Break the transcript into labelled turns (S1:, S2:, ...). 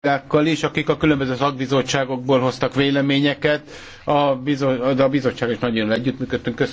S1: kollégákkal is, akik a különböző szakbizottságokból hoztak véleményeket, a, bizo- a bizottság is nagyon jól együttműködtünk. Köszönöm.